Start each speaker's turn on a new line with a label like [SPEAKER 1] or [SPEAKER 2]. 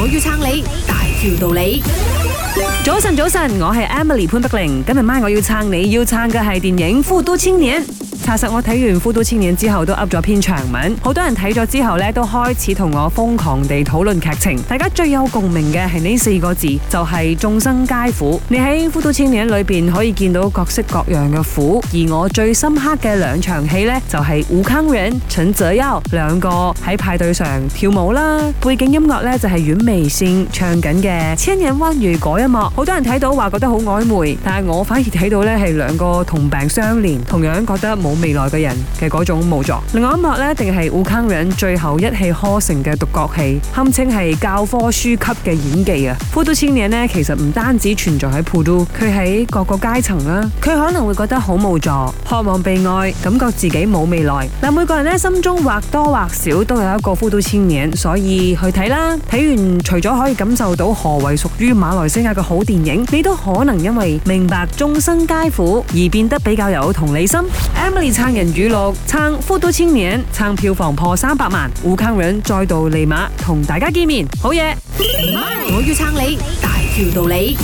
[SPEAKER 1] 我要撐你，大條道理。早晨，早晨，我係 Emily 潘碧玲，今日晚我要撐你，要撐嘅係電影《富都青年》。查實我睇完《富都青年》之後都噏咗篇長文，好多人睇咗之後呢，都開始同我瘋狂地討論劇情。大家最有共鳴嘅係呢四個字，就係、是、眾生皆苦。你喺《富都青年》裏邊可以見到各式各樣嘅苦，而我最深刻嘅兩場戲呢，就係、是、吳慷仁、陳澤耀兩個喺派對上跳舞啦，背景音樂呢，就係、是、阮微線唱緊嘅《千人灣遇》嗰一幕。好多人睇到話覺得好曖昧，但係我反而睇到呢係兩個同病相憐，同樣覺得冇。未來嘅人嘅嗰種無助，另外一幕呢，定係吳慷仁最後一氣呵成嘅獨角戲，堪稱係教科書級嘅演技啊！富都青年呢，其實唔單止存在喺富都，佢喺各個階層啦。佢可能會覺得好無助，渴望被愛，感覺自己冇未來。嗱，每個人呢，心中或多或少都有一個富都青年，所以去睇啦。睇完，除咗可以感受到何為屬於馬來西亞嘅好電影，你都可能因為明白眾生皆苦而變得比較有同理心。撐人語錄，撐富都青年，撐票房破三百萬，胡坑潤再度嚟馬同大家見面，好嘢、嗯！我要撐你，大條道理。